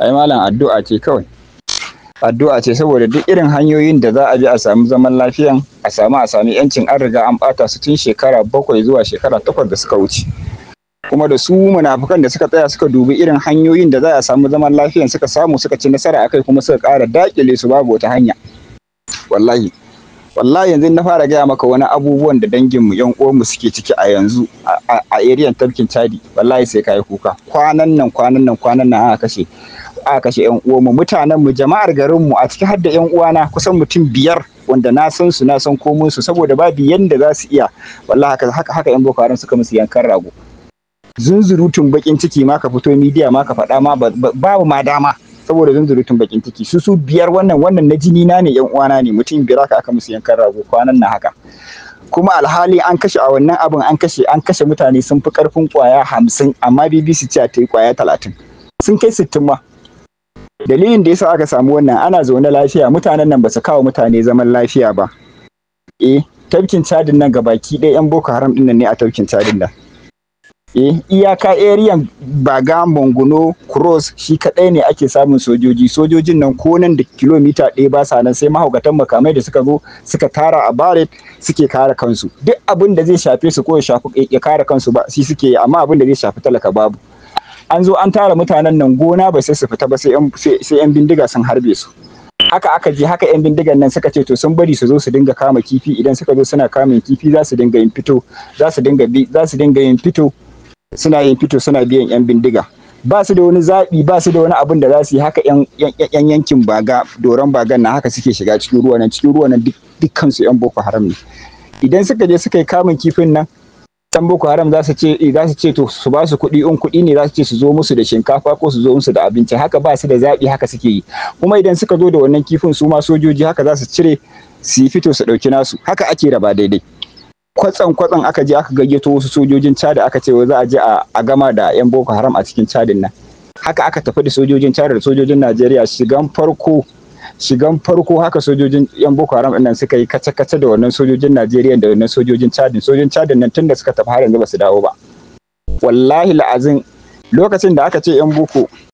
ai malam addu'a ce kawai addu'a ce saboda duk irin hanyoyin da za a bi a samu zaman lafiyan a samu a sami yancin an riga an bata su tun shekara bakwai zuwa shekara takwas da suka wuce kuma da su munafukan da suka tsaya suka dubi irin hanyoyin da za a samu zaman lafiyan suka samu suka ci nasara akai kuma suka ƙara dakile su babu wata hanya wallahi wallahi yanzu na fara gaya maka wani abubuwan da dangin mu yan mu suke ciki a yanzu a area tafkin chadi wallahi sai kai kuka kwanan nan kwanan nan kwanan nan aka kashe a kashe yan mu mutanen mu jama'ar garin mu a ciki har da yan uwana kusan mutum biyar wanda na san su na san komai su saboda babu yanda za su iya wallahi haka haka haka yan boko haram suka musu yankan rago zunzurutun bakin ciki ma ka fito midiya ma ka faɗa ma babu ma dama saboda zunzurutun bakin ciki su su biyar wannan wannan na jini na ne yan uwana ne mutum biyar haka aka musu yankan rago kwanan na haka kuma alhali an kashe a wannan abin an kashe an kashe mutane sun fi karfin kwaya hamsin amma bbc ce ta yi kwaya talatin sun kai sittin ma dalilin da yasa aka samu wannan ana zaune lafiya mutanen nan ba su kawo mutane zaman lafiya ba eh tafkin cadin nan ga baki ɗaya yan boko haram ɗin nan ne a tafkin chadin nan eh iyaka area baga mongono cross shi kadai ne ake samun sojoji sojojin nan ko nan da kilomita ɗaya ba sa nan sai mahaukatan makamai da suka zo suka tara a baret suke kare kansu duk abin da zai shafe su ko ya shafi ya kare kansu ba shi suke amma abin da zai shafi talaka babu an zo an tara mutanen nan gona ba sai su fita ba sai yan bindiga sun harbe su haka aka je haka yan bindigan nan suka ce to sun bari su zo su dinga kama kifi idan suka zo suna kamun kifi za su dinga yin fito za su dinga za su dinga yin fito suna yin fito suna biyan yan bindiga ba su da wani zaɓi ba su da wani abin da za su yi haka yan yankin baga doron bagan na haka suke shiga cikin ruwa nan cikin ruwa nan dukkan su yan boko haram ne idan suka je suka yi kamun kifin nan yan boko haram za su ce eh, za su ce to su ba su kuɗi in kuɗi ne za su ce su zo musu da shinkafa ko su zo musu da abinci haka ba su da zaɓi haka suke yi kuma idan suka zo da wannan kifin su ma sojoji haka za su cire su yi fito su ɗauki nasu haka ake raba daidai kwatsan kwatsan aka je aka gayyato wasu sojojin chad aka ce za a je a gama da yan boko haram a cikin cadin nan haka aka tafi da sojojin chad da sojojin najeriya shigan farko shigan farko haka sojojin yan boko haram nan suka yi kace-kace da wannan sojojin najeriya da wannan sojojin chadin sojojin chadin nan tunda suka tafi har yanzu ba su dawo ba wallahi la'azin lokacin da aka ce yan boko